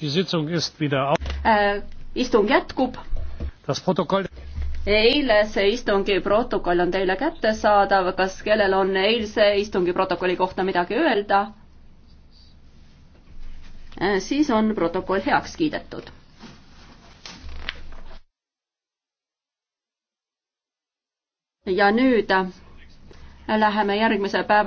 Äh, istung jätkub. eilse istungi protokoll on teile kättesaadav, kas kellel on eilse istungi protokolli kohta midagi öelda? Äh, siis on protokoll heaks kiidetud ja nüüd äh, läheme järgmise päeva